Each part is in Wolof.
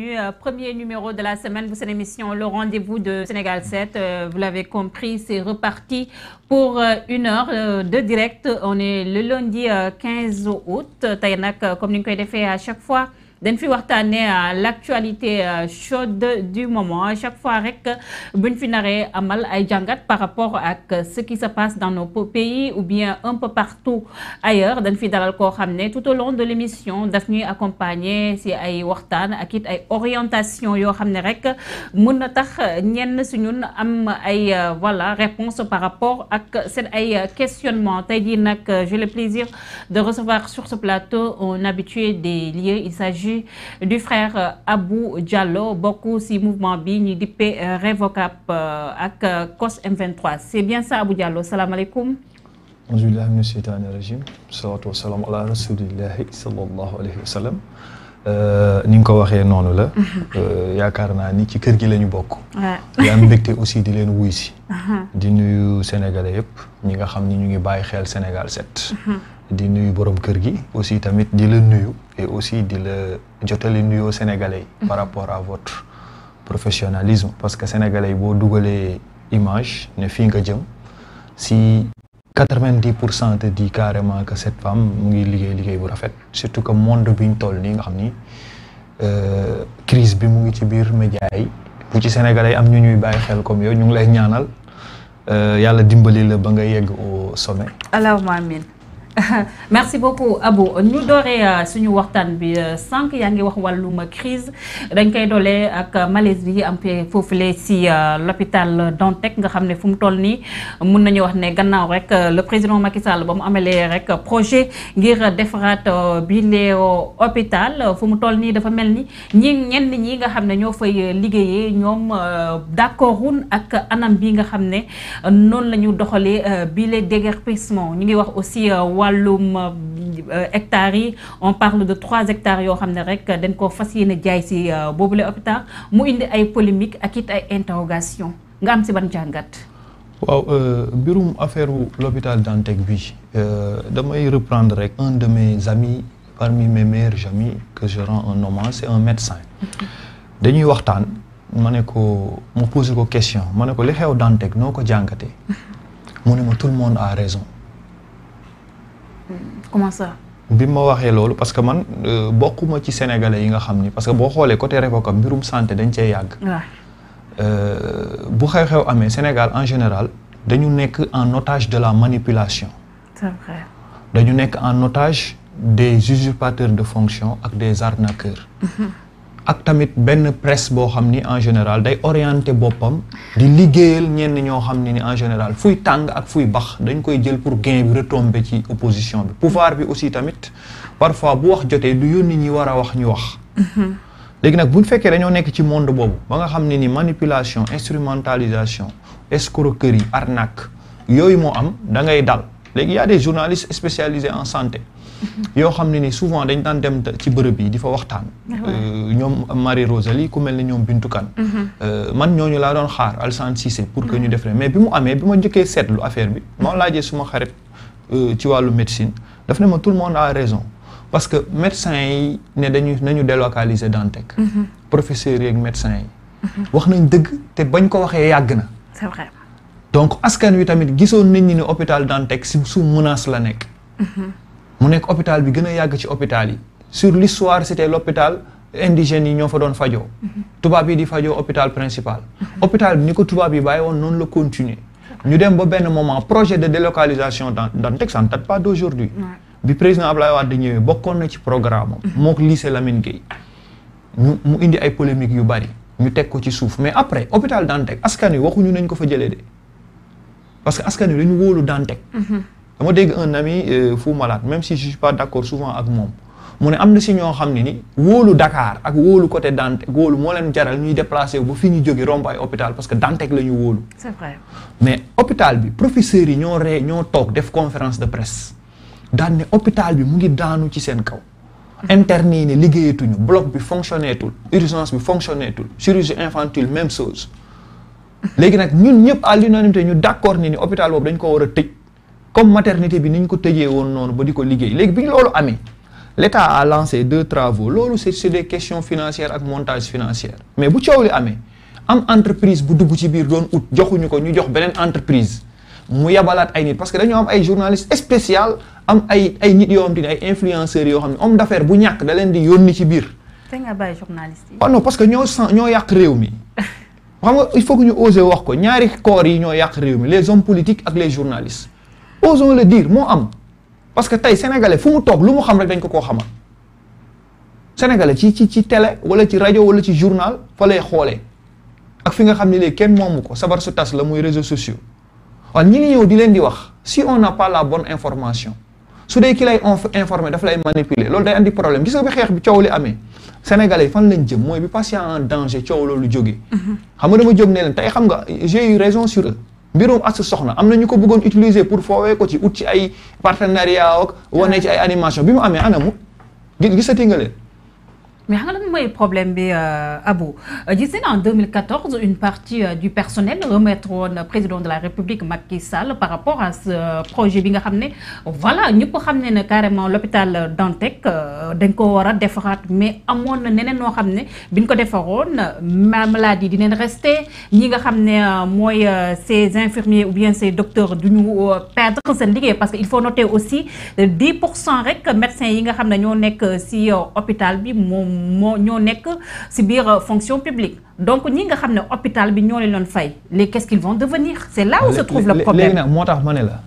Euh, premier numéro de la semaine, vous c'est l'émission Le Rendez-vous de Sénégal 7. Euh, vous l'avez compris, c'est reparti pour euh, une heure de direct. On est le lundi 15 août. Tey nag comme ni ñu koy defee à chaque fois. dañ fi waxtaanee euh, l' actualité euh, chaude du moment chaque fois rek buñ fi naree amal ay jàngat par rapport ak ce qui se passe dans nos pays ou bien un peu partout ailleurs dañ fi dalal koo xam ne tout au long de l' émission daf ñuy accompagner si ay waxtaan ak it ay orientation yoo xam ne rek mën na tax ñenn si ñun am ay euh, voilà réponse par rapport ak seen ay questionnement tey jii nag j'ai le plaisir de recevoir sur ce plateau un habitué des lieux il s'agit chargé euh, du frère euh, Abou Diallo bokk si mouvement bi ñu dippee euh, Revocap ak COS M23 c'est bien ça Abou Diallo salaamaaleykum auzu billahi mina sheytaani rajim salaatu wasalaam ala rasulillahi sallallahu alayhi wa ni nga ko waxee noonu la yaakaar naa ni ci kër gi la bokk di am mbégte aussi di leen wuy uh-huh. di nuyu sénégalais yëpp ñi nga xam ni ñu ngi bàyyi xel Sénégal set uh-huh. di nuyu borom kër gi aussi tamit di la nuyu et aussi di la jotali nuyoo sénégalais yi par mhm. rapport à votre professionnalisme parce que sénégalais boo dugalee image ne fii nga jëm si quatre-vingt-dix pour cent te di carrément que cette femme mu ngi liggéey liggéey bu rafet surtout que monde bi ñu toll nii nga xam ni euh, crise bi mu ngi ci biir média yi bu ci sénégalais am ñu ñuy bàyyi xel comme yooyu ñu ngi lay ñaanal euh, yàlla dimbali la ba nga yegg au sommet. allahumma amin merci beaucoup abu ñu dooree euh, suñu waxtaan bi euh, sànq yaa ngi wax wàllum crise dañ koy doole ak malaise bi am foofule si euh, l'hôpital Dantec nga xam ne fu mu toll nii mun nañu wax ne gannaaw rek le président Macky Sall ba mu amee lee rek projet ngir defaraat bi lee hôpital fu mu toll nii dafa mel ni ñi ñi nga xam ne ñoo fay liggéeyee ñoom d'accordun ak anam bi nga xam ne noonu la ñu doxalee bi lee déguerpissement ñu ngi wax aussi wàllum euh, hectares yi on parle de trois hectares yoo xam ne rek dañ ko fas yéene jaay si euh, boobule hôpital mu ay polémique ak it ay interrogation nga am si ban jàngat. waaw euh, mbirum affaire l'hôpital Dantec bi damay reprendre rek un de mes amis parmi mes meilleurs amis que je rends un hommage c'est un médecin dañuy waxtaan ma ne ko mu posé ko question ma ne ko li xew Dantec noo ko jàngate mu ne ma tout le monde a raison comment ça. bi ma waxee loolu parce que man euh, bokkuma ci sénégalais yi nga xam ni parce que boo xoolee côté Revacom mbirum santé dañ cee yàgg. Euh, bu xew-xew amee Sénégal en général dañu nekk en otage de la manipulation. dañu nekk en otage des usurpateurs de fonction ak des arnaqueurs. Mhm. ak tamit benn presse boo xam ni en général day orienté boppam di liggéeyal ñenn ñoo xam ne ni en général fuy tàng ak fuy bax dañ koy jël pour gain bi retombé ci opposition bi pouvoir bi aussi tamit parfois bu wax jotee du yónni ñi war a wax ñu wax mhm. léegi nag bu ñu fekkee dañoo nekk ci monde boobu ba nga xam ne ni manipulation instrumentalisation escroquerie arnaque yooyu moo am da ngay dal léegi y a des journalistes spécialisés en santé yoo xam ne ni souvent dañ daan dem ci bërëb yi di fa waxtaan euh, ñoom Marie Rosalie ku mel ne ñoom Bintu Kan mhm. euh, man ñooñu laa doon xaar Alassane Cissé pour que ñu mhm. def mais bi mu amee bi ma njëkkee seetlu affaire bi ma mhm. laajee suma xarit euh, ma tout le monde a raison parce que médecin yi ne dañu nañu délocaliser Dantec professeurs yi ak médecin yi wax nañ dëgg te bañ ko waxee yàgg na donc askan wi tamit gisoon nañ hôpital Dantec su menace la nekk mu nekk hôpital bi gën a yàgg ci hôpital yi sur l'histoire c'était l'hôpital indigènes yi ñoo fa doon fajoo mm-hmm. tubaab yi di fajoo hôpital principal hôpital bi ni ko tubaab yi bàyyi woon noonu la continuer ñu dem ba benn moment projet de délocalisation dans Dantec ça ne date pas d'aujourd'hui bi président Ablaye Wade ñëwee bokkoon na ci programme am mm-hmm. mook lycée Lamine Gueye ñu mu indi ay polémiques yu bari ñu teg ko ci suuf mais après hôpital Dantec askan wi waxuñu nañ ko fa jëlee parce que askan wi dañu wóolu Dantec mm-hmm. moo dégg un ami euh, fou malade même si je suis pas d'accord souvent ak moom mu ne am na si ñoo xam ne ni wóolu dakaar ak wóolu côté Dantec wóolu moo leen jaral ñuy déplacé wu ba fi ñu jóge romb ay hôpital parce que Dantec la ñu wóolu. c'est vrai mais hôpital bi professeurs yi ñoo ree ñoo toog def conférence de presse daan ne hôpital bi mu ngi daanu ci seen kaw. interne yi ne liggéeyatuñu bloc bi fonctionné tul urgence bi fonctionné tul chirurgie infantile même chose léegi nag ñun ñëpp à l'unanimité ñu d'accord ni ni hôpital boobu dañ ko war a tëj. comme maternité bi ni ñu ko tëjee woon noonu ba di ko liggéey léegi bi ñu loolu amee l'État a lancé deux travaux loolu c'est c'est des questions financières ak montage financier mais bu coow li amee am entreprise bu dugg ci biir doon ut joxuñu ko ñu jox beneen entreprise mu yabalaat ay nit parce que dañoo am ay journalistes spécial am ay ay nit yoo xam te ne ay influenceurs yoo xam ne homme d'affaires bu ñàkk da leen di yónni ci biir. te nga bàyyi journaliste ah parce que ñoo san ñoo yàq réew mi. nga il faut ñu oser wax ko ñaari corps yi ñoo yàq réew mi les hommes ak les journalistes. osons le dire moo am parce que tey sénégalais fu mu toog lu mu xam rek dañ ko koo xamal sénégalais ci ci ci télé wala ci rajo wala ci journal fa lay xoolee ak fi nga xam ne léegi kenn moomu ko sabar su tas la muy réseaux sociaux waaye ñu ngi ñëw di leen di wax si on n'a par la bonne information su dee ki lay informé daf lay manipuler loolu day andi problème gis nga bi xeex bi coow li amee sénégalais fan lañ jëm mooy bi patient en danger coow loolu jógee. Mhm. xam nga dama jóg ne leen tey xam nga j'ai mbirum asu soxna am na ñu ko bëggoon utiliser pour foowee ko ci ut ci ay partenariat ak wane ci ay animation bi mu amee anamu gisati nga leen mais xam nga lan mooy problème bi euh, Abou gis euh, nañ en 2014 une partie euh, du personnel remettre woon président de la République Macky Sall par rapport à ce projet bi nga xam ne voilà ñëpp xam ne ne carrément l'hôpital Dantec dañ ko war a defaraat mais amoon na neneen noo xam ne bi ñu ko defaroon maladie di neen resté ñi nga xam ne mooy ces infirmiers ou bien ces docteurs du ñu perdre seen liggéey parce que il faut noter aussi 10 pour cent rek médecins yi nga xam ne ñoo nekk si hôpital bi moo ñoo nekk si biir euh, fonction publique donc ñi nga xam ne hôpital bi ñoo leen doon fay léegi qu'est-ce qu'ils vont devenir c'est là où se trouve le problème moo tax ma ne la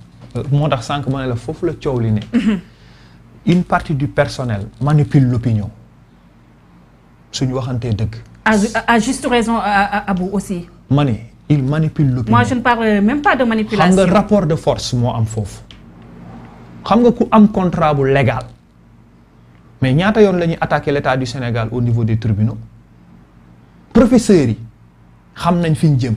moo tax sànq ma ne la foofu la coow li ne mhm. une partie du personnel manipule l'opinion suñu waxantee dëgg à juste raison Abou aussi ma ne il manipule l'opinion moi je ne parle même pas de manipulation xam nga rapport de force moo am foofu xam nga ku am contrat légal mais ñaata yoon la ñuy attaqué l' état du Sénégal au niveau des tribunaux professeurs yi xam nañ fi ñu jëm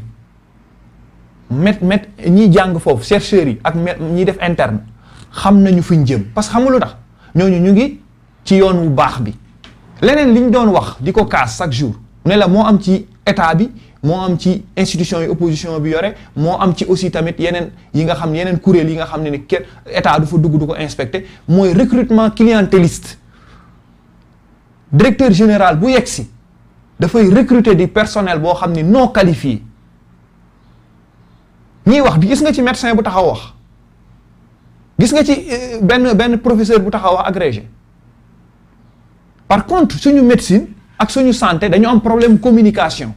met met ñiy jàng foofu chercheurs yi ak ñiy def interne xam nañu fi ñu jëm parce que xamul lu tax ñooñu ñu ngi ci yoon wu baax bi leneen li ñu doon wax di ko kaas chaque jour ne la moo am ci état bi moo am ci institution yi opposition bi yore moo am ci aussi tamit yeneen yi nga xam yeneen kuréel yi nga xam ne ne état du fa dugg du ko inspecté mooy recrutement clientéliste. directeur général bu yegg si dafay recruter di personnel boo xam ni non qualifié ñiy wax di gis nga ci médecin bu taxaw wax gis nga ci euh, benn benn professeur bu taxaw wax agrégé par contre suñu médecine ak suñu sante dañu am problème communication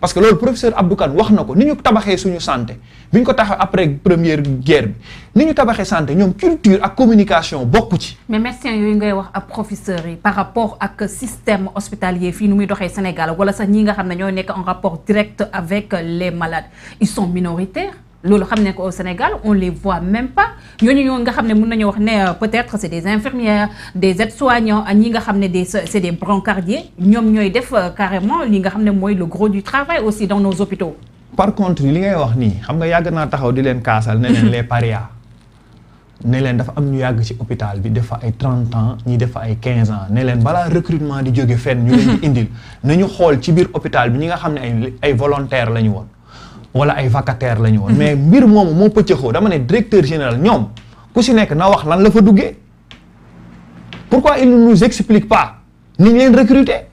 parce que loolu professeur Abdou Kane wax na ko ni ñu tabaxee suñu santé bi ñu ko tax après première guerre bi ni ñu tabaxee santé ñoom culture ak communication bokk ci. mais médecins yooyu ngay wax ak professeurs yi par rapport ak système hospitalier fii nu muy doxee Sénégal wala sax ñi nga xam ne ñoo nekk en rapport direct avec les malades ils sont minoritaires. loolu xam ne ko Sénégal on les voit même pas ñooñu nga xam ne mën nañu wax ne euh, peut-être c'est des infirmières des aides-soignants ak ñi nga xam ne des c'est des brancardiers ñoom ñooy def euh, carrément li nga xam ne mooy le gros du travail aussi dans nos hôpitaux. par contre li ngay wax nii xam nga yàgg naa taxaw di leen kaasal ne leen les paria ne leen dafa am ñu yàgg ci hôpital bi defa ay trente ans ñi defa ay quinze ans ne leen balaa recrutement di jóge fenn. ñu leen di indil nañu xool ci biir hôpital bi ñi nga xam ne ay ay volontaires lañu woon. wala ay vacataire la ñu woon mais mbir moomu moo pëccëxoo dama ne directeur général ñoom ku si nekk na wax lan la fa duggee pourquoi il ne nous explique pas ni ñu leen recruter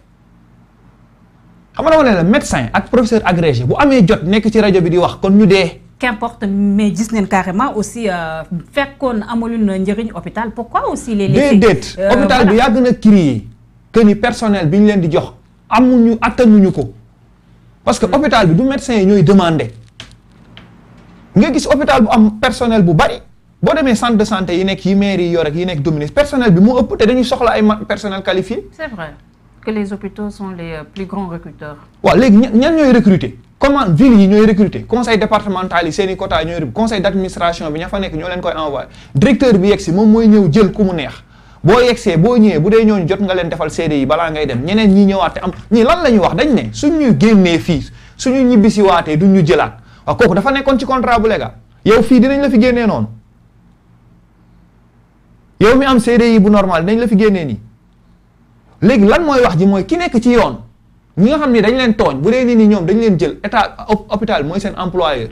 xam nga dama ne la médecin ak professeur agrégé bu amee jot nekk ci rajo bi di wax kon ñu dee qu'importe mais gis neen carrément aussi euh, fekkoon amalul na njëriñ hôpital pourquoi aussi les déedéet euh, hôpital bi yàgg na crier que ni personnel bi ñu leen di jox ñu attanuñu ko parce que hôpital bi du médecin yi ñooy demandé nga gis hôpital bu am personnel bu bari boo demee centre de santé yi nekk yi maire yi yor ak yi nekk dominis personnel bi moo ëpp te dañuy soxla ay personnel qualifié. c'est vrai que les hôpitaux sont les euh, plus grands recruteurs. waaw léegi ñan ñooy recruter comment ville yi ñooy recruter conseil départemental yi seen i quota ñooy conseil d'administration bi ña fa nekk ñoo leen koy envoyé directeur si moom mooy ñëw jël ku mu neex. boo yegsee boo ñëwee bu dee ñooñu jot nga leen defal seede yi balaa ngay dem ñeneen ñi ñëwaat te am ñii lan la ñu wax dañ ne suñ ñu génnee fii suñu ñibbisi waatee duñ ñu jëlaat waaw kooku dafa nekkoon ci contrat bu légal yow fii dinañ la fi génnee noonu yow mi am seede yi bu normal dinañ la fi génnee nii léegi lan mooy wax ji mooy ki nekk ci yoon ñi nga xam ni dañ leen tooñ bu dee nii nii ñoom dañ leen jël état hôpital mooy seen employeur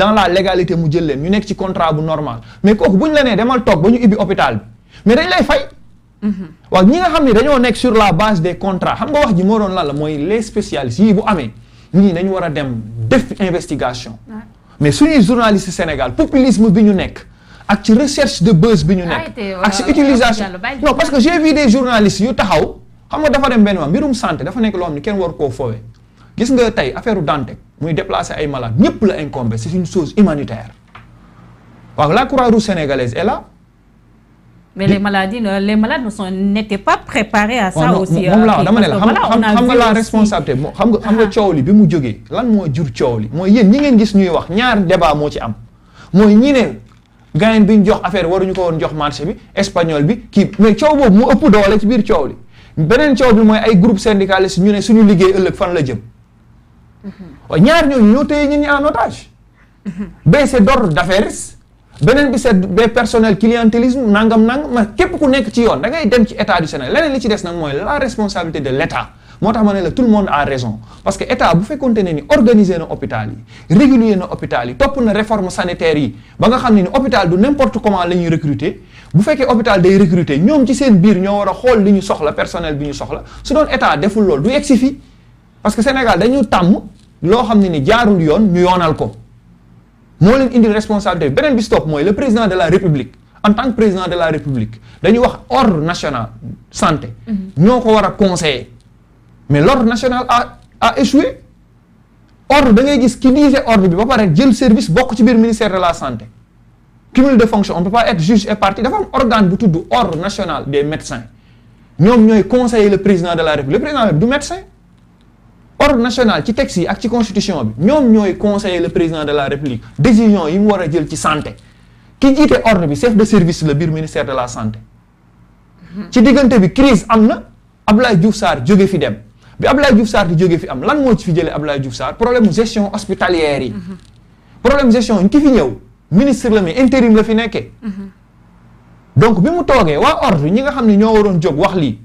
dans la légalité mu jël leen ñu nekk ci contrat bu normal mai kooku buñ la nee demal toog ba ñu ibbi hôpital bi mais dañ lay fay. Mm-hmm. waaw ñi nga xam ne dañoo nekk sur la base des contrats xam nga wax ji moo doon lan la mooy les spécialistes yii bu amee ñii dañu war a dem def investigation. mais su suñuy journaliste Sénégal populisme bi ñu nekk. ak ci recherche de buzz bi ñu nekk. Euh, ak ci utilisation non parce que j'ai vu des journalistes yu taxaw. xam nga dafa dem benn mbirum santé dafa nekk loo xam ne kenn war koo fowe gis nga tey affaire Dantec muy déplacer ay malades ñëpp la incombé c'est une chose humanitaire waaw la Croix-Rouge sénégalaise est mais les maladies les malades ne sont n'étaient pas préparés à oh, moom laa dama ne la xam nga la responsabilité xam nga xam nga ah. coow li bi mu jógee lan moo jur coow li mooy yéen ñi ngeen gis ñuy wax ñaar débat moo ci am mooy ñi ne gayen bi ñu jox affaire waruñu ko woon jox marché bi espagnol bi kii mais coow boobu mu ëpp doole ci biir coow li beneen coow bi mooy ay groupe syndicaliste ñu ne suñu liggéey ëllëg fan la jëm mm-hmm. waaye ñaar ñooñu ñoo téye ñun ñi en otage mm-hmm. baisse d'ordre d'affaires beneen bi c'est des personnels clientélisme nangam nangam ma képp ku nekk ci yoon da ngay dem ci état du Sénégal leneen li ci des nag mooy la responsabilité de l'État moo tax ma ne la tout le monde a raison parce que état bu fekkoonte ne ni organiser na hôpital yi régulier na hôpital yi topp na réforme sanitaire yi ba nga xam ne ni hôpital du n'importe comment la ñuy recruter bu fekkee hôpital day recruter ñoom ci seen biir ñoo war a xool li ñu soxla personnel bi ñu soxla su doon état deful loolu du yegsi fii parce que Sénégal dañu tàmm loo xam ne ni jaarul yoon ñu yoonal ko moo leen indi responsabilité bi beneen bi stop mooy le président de la république en tant que président de la république dañuy wax ordre national santé mhm. ñoo ko war a conseiller mais l'ordre national a a échoué ordre da ngay gis ki diise ordre bi ba pare jël service bokk ci biir ministère de la santé cumul de fonction on peut pas être juge et partie dafa am organe bu tudd ordre national des médecins ñoom ñooy conseiller le président de la république le président du ordre national ci texte yi ak ci constitution bi ñoom ñooy conseiller le président de la république décision yi mu war a jël ci santé ki jiite ordre bi chef de service la biir ministère de la santé ci diggante bi crise am na Ablaye Diouf Sarr jóge fi dem bi Ablaye Diouf Sarr di jóge fi am lan moo ci fi jëlee Ablaye Diouf Sarr problème gestion hospitalière yi problème gestion ki fi ñëw ministre la mais intérim la fi nekkee mhm. donc bi mu toogee waa ordre ñi nga xam ne ñoo waroon jóg wax lii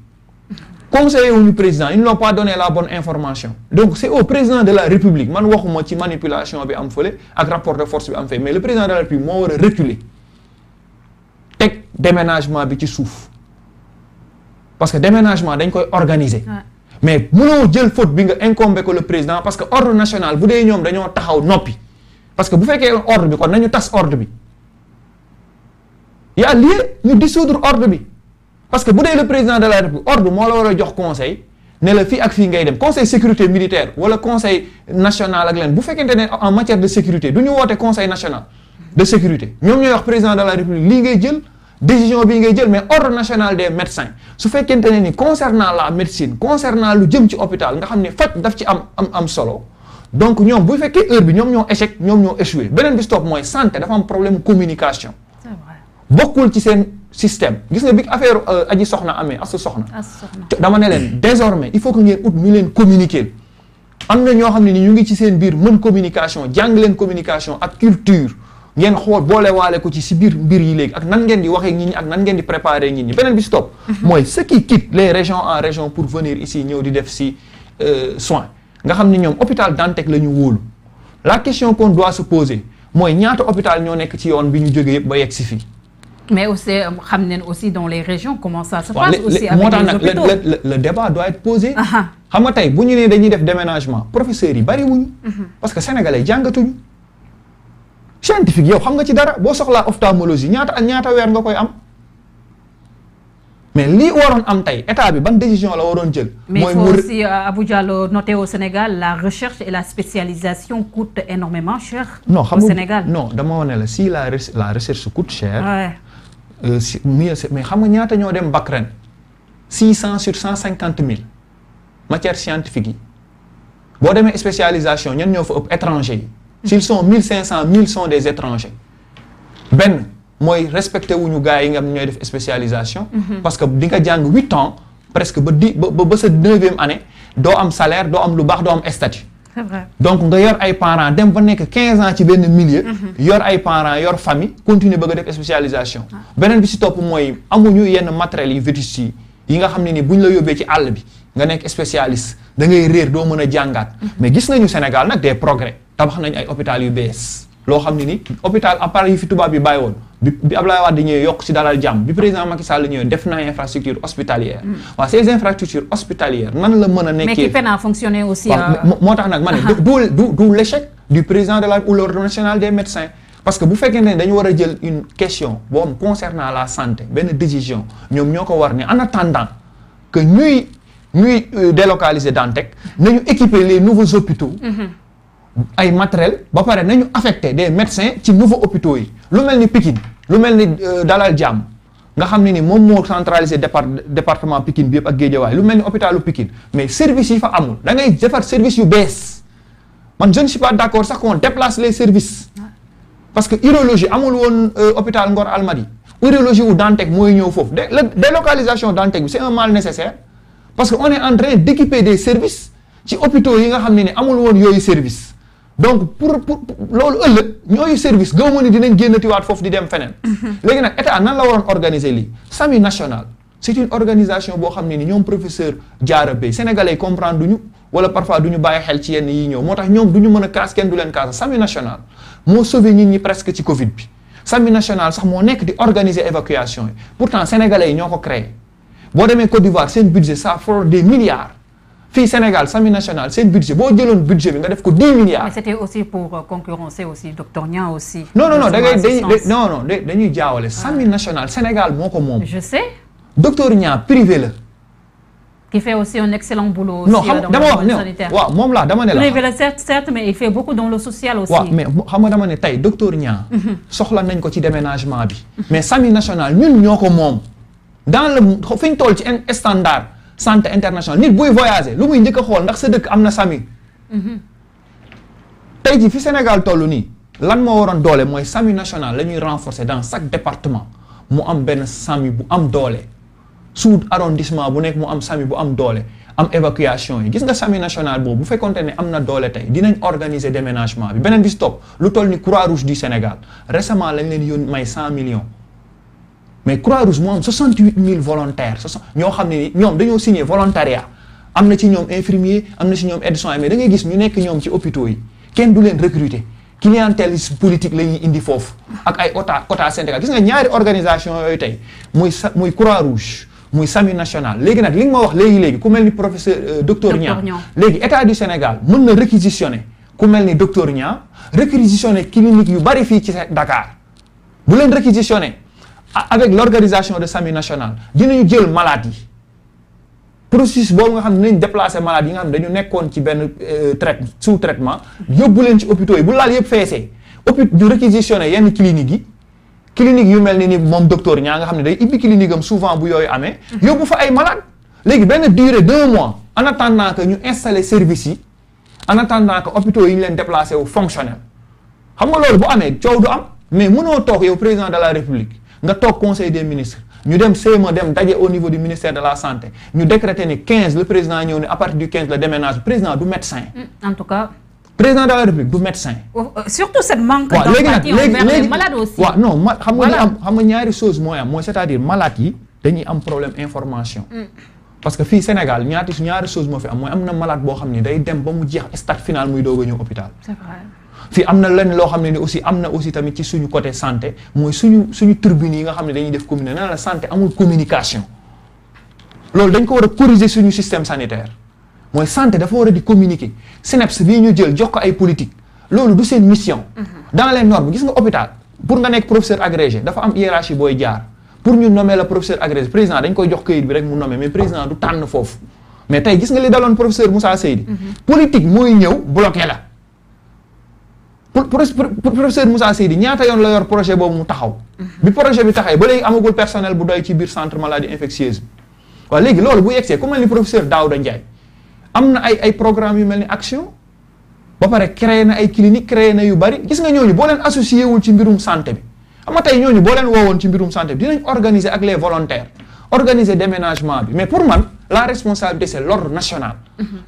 conseillé wuñu président ils n'ont pas donné la bonne information donc c'est au président de la république man waxuma ci manipulation bi am fële ak rapport de force bi am fee mais le président de la république moo war a teg déménagement bi ci suuf parce que déménagement dañ koy organiser mais mënoo jël faute bi nga incombé ko le président parce que ordre national bu dee ñoom dañoo taxaw noppi parce que bu fekkee ordre bi kon nañu tas ordre bi y a lieu bi parce que bu dee le président de la république ordre moo la war a jox conseil ne la fii ak fii ngay dem conseil sécurité militaire wala conseil national ak leen bu fekkente ne en matière de sécurité du ñu woote conseil national de sécurité ñoom ñooy wax président de la république lii ngay jël décision bii ngay jël mais ordre national des médecins su fekkente ne ni concernant la médecine concernant lu jëm ci hôpital nga xam ne faj daf ci am am am solo donc ñoom bu fekkee heure bi ñoom ñoo échec ñoom ñoo échoué beneen bi stop mooy santé dafa am problème communication bokkul système gis nga bi affaire euh, aji soxna amee asu soxna. dama ne leen désormais il faut que ngeen ut ñu leen communiquer am na ñoo xam ne ni ñu ngi ci seen biir mën communication jàng leen communication ak culture ngeen xool boole waale ko ci si biir mbir yi léegi ak nan ngeen di waxee ñi ñi ak nan ngeen di préparer nit ñi beneen bi si mhm. mooy ceux qui quittent les régions en région pour venir ici ñëw di def si euh, soins nga xam ni ñoom hôpital Dantec la ñu wóolu la question qu'on doit mooy ñaata hôpital ñoo nekk ci yoon bi ñu jógee yëpp ba yegg si fii. mais aussi xam euh, nañ aussi dans les régions comment ça se passe. aussi avec les hôpitaux moo tax nag le débat doit être posé. xam nga tey bu ñu nee dañuy def déménagement professeurs yi bari wuñu mhm. parce que sénégalais jàngatuñu. scientifique yow xam nga ci dara boo soxla ophtalmologie ñaata ak ñaata weer nga koy am. mais lii waroon am tey état bi ban décision la waroon jël. mooy mu mais faut aussi euh, Abou Diallo noter au Sénégal la recherche et la spécialisation coûtent énormément cher. au xam nga non dama wane la si la la recherche coûte Euh, si mieux mais xam nga ñaata ñoo dem bac ren six cent sur cent cinquante mille matière scientifique yi boo demee spécialisation ñen ñoo fa ëpp étranger yi mm. s'ils sont mille cinq cent mille sont des étrangers benn mooy respecté wuñu gars yi nga ñooy def spécialisation mm-hmm. parce que di nga jàng huit ans presque ba di ba ba sa neuvième année doo am salaire doo am lu baax doo am statut c'est vrai donc nga yor ay parent dem ba nekk 15 ans ci benn milieu. Mhm. yor ay parents yor famille continuer bëgg a def spécialisation. Ah. beneen bi si topp mooy amuñu yenn matériels yu vétustes yi yi nga xam ne ni buñ la yóbbee ci àll bi nga nekk spécialiste dangay ngay réer doo mën a jàngaat. Mhm. mais gis nañu Sénégal nag des progrès tabax nañu ay hôpital yu bees. loo xam ne ni hôpital appareil yi fi tubaab yi bàyyi woon bi bi Abdoulaye Wade ñëwee yokk ci dalal jàmm bi président Macky Sall ñëwee def na infrastructure hospitalière mm. waaw ces infrastructures hospitalières nan la mën a nekkee mais qui peine moo tax nag ma ne du du du l'échec du président de la ou l'ordre national des médecins parce que bu fekkee ne dañu war a jël une question boo xam concernant la santé benn décision ñoom ñoo ko war ne en attendant que ñuy ñuy euh, délocaliser Dantec nañu équiper les nouveaux ay matériel ba pare nañu affecté des médecins ci nouveaux hôpitaux yi lu mel ni Pikine lu mel ni euh, Dalal Jàmm nga xam ne ni moom moo centralisé départ département Pikine bi yëpp ak Géejawaay lu mel ni hôpitalu Pikine mais service yi fa amul da ngay defar service yu bees man je ne suis pas d'accord sax qu'on déplace les service parce que urologie amul woon euh, hôpital Ngor Almadi urologie wu Dantec mooy ñëw foofu de la délocalisation Dantec bi c'est un mal nécessaire parce que on est en des services ci hôpitaux yi nga xam ne ni amul woon yooyu service donc pour pour loolu ëllëg ñooyu service gëw ma ni dinañ génnatiwaat foofu di dem feneen. Mhm. léegi nag état nan la waroon organiser lii SAMU national c' est une organisation boo xam ne ni ñoom professeur Diarra Bèye sénégalais yi comprendre duñu wala parfois du ñu bàyyi xel ci yenn yi ñëw moo tax ñoom du ñu mën a crasse kenn du leen kaasa SAMU national moo sauvé nit ñi presque ci Covid bi. SAMU national sax moo nekk di organiser évacuation yi pourtant sénégalais yi ñoo ko créé boo demee Côte d'Ivoire seen budget ça des milliards. fii Sénégal sami national seen budget boo jëloon budget bi nga def ko 10 milliards. mais c'était aussi euh, concurrencer aussi docteur Niang aussi. non non non dañuy jaawale ah. sami national Sénégal moo ko moom. je sais. docteur privé la. qui fait aussi un excellent boulot. aussi euh, xam ne waaw moom laa dama ne la. privé la certes certes mais il fait beaucoup dans le social aussi. waaw mais xam nga dama mhm. ko ci déménagement bi. mais sami national ñun ñoo ko moom. dans le fi ñu toll ci un standard. santé internationale nit buy voyager lu muy njëkk xool ndax sa dëkk am na sami mhm. tey jii fi Sénégal toll nii lan moo waroon doole mooy SAMU national la ñuy renforcer dans chaque département mu am benn SAMU bu am doole sous arrondissement bu nekk mu am SAMU bu am doole am évacuation yi gis nga SAMU national boobu bu fekkonte ne am na doole tey dinañ organiser déménagement bi beneen bi si lu toll ni Croix-Rouge du Sénégal récemment lañ leen yoon may cent million mais Croix-Rouge moo am 68000 volontaires ñoo xam ne ni ñoom dañoo signé volontariat am na ci ñoom infirmier am na ci ñoom aide-soignant mais da ngay gis ñu nekk ñoom ci hôpitaux yi kenn du leen recruter clientèle politique la ñuy indi foofu ak ay quota quota syndical gis nga ñaari organisation yooyu tey muy sa muy Croix-Rouge muy sami national léegi nag li nga ma wax léegi léegi ku mel ni professeur euh, docteur Niang léegi état du Sénégal mën na réquisitionner ku mel ni docteur Niang réquisitionner clinique yu bari fii ci Dakar bu leen réquisitionner avec l'organisation de SAMU national dinañu jël malade yi processus boobu nga xam ne dinañ déplacer malade yi nga xam ne dañu nekkoon ci benn euh, traite sous traitement yóbbu leen ci hôpitaux yi bu laal yëpp feesee hôpitaux ñu réquisitionné yenn cliniques yi clinique yu mel ni ni moom docteur ñaa nga xam ne day ibbi clinique am souvent bu yooyu amee yóbbu fa ay malade léegi benn durée deux mois en naa que ñu installer service yi en attendant que hôpitaux yi ñu leen déplacé wu fonctionnel xam nga loolu bu amee coow du am mais mënoo toog yow président de la république nga toog conseil des ministres ñu dem séema dem daje au niveau du ministère de la santé ñu décrété ni 15 le président ñëw ne à partir du 15 le déménage président du médecin. Mm, en tout président du médecin. Oh, euh, surtout cette ma xam nga am nga ñaari chose mooy am mooy c'est-à-dire malade yi dañuy am problème information. Mm. parce que fii Sénégal ñaati ñaari chose moo fi am mooy am na malaat boo xam ni day dem ba mu jeex stade final muy doog a ñëw hôpital. fii am na lenn loo xam ne ni aussi am na aussi tamit ci suñu côté santé mooy suñu suñu tribune yi nga xam ne dañuy def commune na la santé amul communication loolu dañ ko war a corriger suñu système sanitaire mooy santé dafa war a di communiquer SNEPS bii ñu jël jox ko ay politique loolu du seen mission mhm. dans les normes gis nga hôpital pour nga nekk professeur agrégé dafa am hiérarchie booy jaar pour ñu nommer la professeur agrégé président dañ koy jox këyit bi rek mu nommer mais président du tànn foofu mais tey nga li daloon professeur Moussa Seydi mhm. politique mooy ñëw bloqué la pour professeur Moussa Seydi ñaata yoon la yor projet boobu mu taxaw. bi projet bi taxee ba léegi amagul personnel bu doy ci biir centre maladie infectieuse bi. waaw léegi loolu bu yegsee ku mel ni professeur Daouda Ndiaye am na ay ay programme yu mel ni action ba pare créé ay clinique créé yu bari gis nga ñooñu boo leen associé wul ci mbirum santé bi. xam nga tey boo leen woon ci mbirum sante bi dinañ organiser ak les volontaires organiser déménagement bi mais pour man. la responsabilité c'est l'ordre national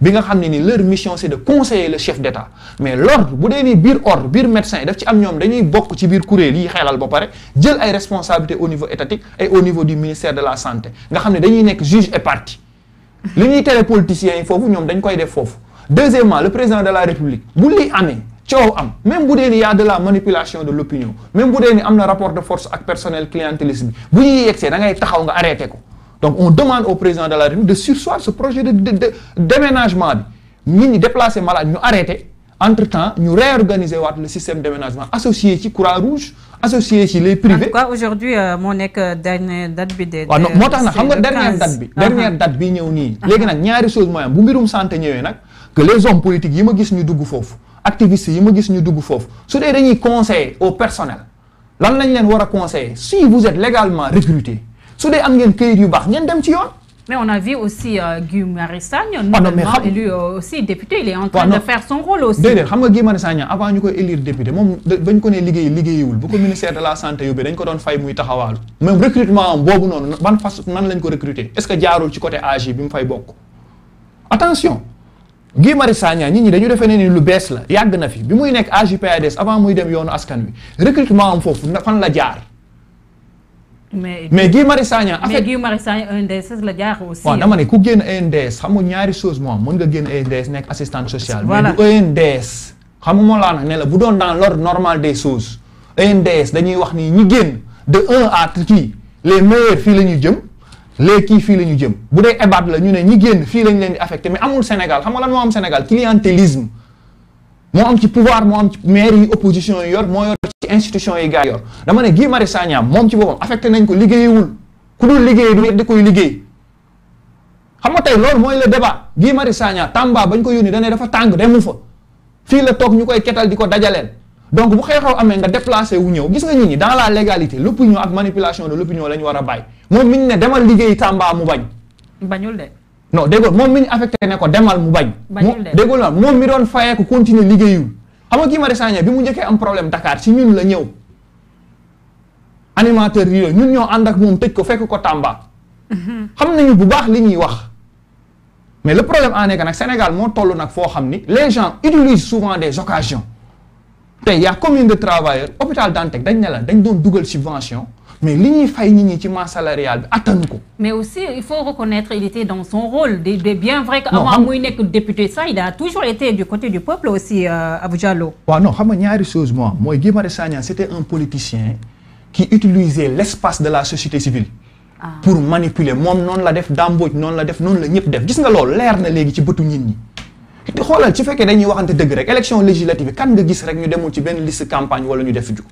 bi nga xam ne ni leur mission c'est de conseiller le chef d'état mais l'ordre bu dee ni biir ordre biir médecin daf ci am ñoom dañuy bokk ci biir kuréel yi xelal ba pare jël ay responsabilités au niveau étatique et au niveau du ministère de la santé nga xam ne dañuy nekk juge et partie li ñuy tere politiciens yi foofu ñoom dañ koy def foofu deuxièmement le président de la république bu lii amee coow am même bu dee a de la manipulation de l'opinion même bu dee rapport de force ak personnel clientéliste bi bu taxaw nga arrêté ko donc on demande au président de la République de surseoir ce projet de déménagement bi nit ñi déplacer malade ñu arrêté entre temps ñu réorganiser waat le système d'aménagement associé ci Croix-Rouge associé ci les privés. Euh, moo nekk euh, dernière date bi de. moo tax nag xam nga dernière date bi. dernière uh-huh. date bi ñëw nii. Uh-huh. léegi nag ñaari chose mooy bu mbirum santé ñëwee nag que les hommes politiques yi ma gis ñu dugg foofu activistes yi ma gis ñu dugg foofu su dee dañuy conseiller au personnel lan lañ leen war a conseiller légalement recruté. su dee am ngeen këyit yu baax ngeen dem ci yoon. mais on a vu aussi euh, Sagna. Ah non mais xam élu euh, aussi député il est nga Guy Sagna avant ñu koy élire député moom bañ ko nee liggéey liggéeyiwul bu ko ministère de la santé yóbbee dañ ko doon fay muy taxawaalu. même recrutement am boobu noonu ban fas nan lañ ko recruter est-ce que jaarul ci côté AG bi mu fay bokk. attention Guy Sagna nit ñi dañu defee ne lu bees la yàgg na fi bi muy nekk AG PADS avant muy dem yoonu askan wi recrutement am foofu fan la jaar. mais mais Guy Marius Sagna. mais Guy Marius Sagna ENDS la jaar aussi. waaw dama ne ku génn ENDS xam nga ñaari chose moo mën nga génn ENDS nekk assistante sociale. voilà mais du ENDS. xam nga laa nag ne la bu doon dans l'ordre normal des choses ENDS dañuy wax nii ñi génn de un à kii les meilleurs fii la ñu jëm les kii fii la ñu jëm bu dee EBAD la ñu ne ñi génn fii lañ leen di affecté mais amul Sénégal xam lan moo am Sénégal clientélisme. moo am ci pouvoir moo am ci maire yi opposition yi yor moo yor ci institution yi gars yi yor dama ne Guy Marius Sagna moom ci boppam affecté nañ ko liggéeyewul ku dul liggéey du di koy liggéey xam nga tey loolu mooy le débat Guy Marius Sagna Tamba bañ ko yónni dane dafa tàng demul fa fii la toog ñu koy ketal di ko dajaleel donc bu xew-xew amee nga déplacé wu ñëw gis nga nit ñi dans la légalité l'opinion ak manipulation de l'opinion la ñu war a bàyyi moom mi ñu ne demal liggéey Tamba mu bañ. bañul de. non déggoo moom mi ñu affecté ne ko demal mu bañ. bañul de déggoo la moom mi doon fayee ko continuer liggéeyul. xam nga kii Mari Sagna bi mu njëkkee am problème Dakar si ñun la ñëw animateur yooyu ñun ñoo ànd ak moom tëj ko fekk ko Tamba. xam nañu bu baax li ñuy wax. mais le problème en nag Sénégal moo toll nag foo xam ni les gens utilisent souvent des occasions tey y' a combien de travailleurs hôpital Dantec dañ ne la dañ doon dugal subvention. mais li ñuy fay nit ñi ci masse salariale bi attanu ko. mais aussi il faut reconnaître il était dans son rôle de de bien vrai que. avant muy nekk député ça il a toujours été du côté du peuple aussi euh, Abou Diallo. waaw non xam nga ñaari chose mooy Guy Marius Sagna un politicien qui utilisait l' espace de la société civile. Ah. pour manipuler moom noonu la def dàmbooj noonu la def noonu la ñëpp def gis nga loolu leer na léegi ci bëtu nit ñi. xoolal ci fekkee dañuy waxante dëgg rek élection législative kan nga gis rek ñu demul ci benn campagne wala ñu def ju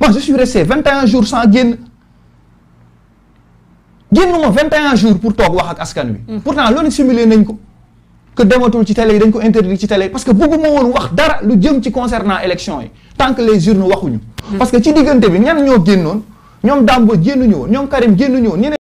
moi je suis resté 21 jours sans génn génn ma 21 jours pour toog wax ak askan wi. Mm-hmm. pourtant loolu simulé nañ ko. que dematul ci télé yi dañ ko interdit ci télé yi parce que bëgguma woon wax dara lu jëm ci concernant élection yi tant que les urnes waxuñu. Mm-hmm. parce que ci diggante bi ñan ñoo génnoon ñoom Dambo génnuñu woon ñoom Karim génnuñu woon ñeneen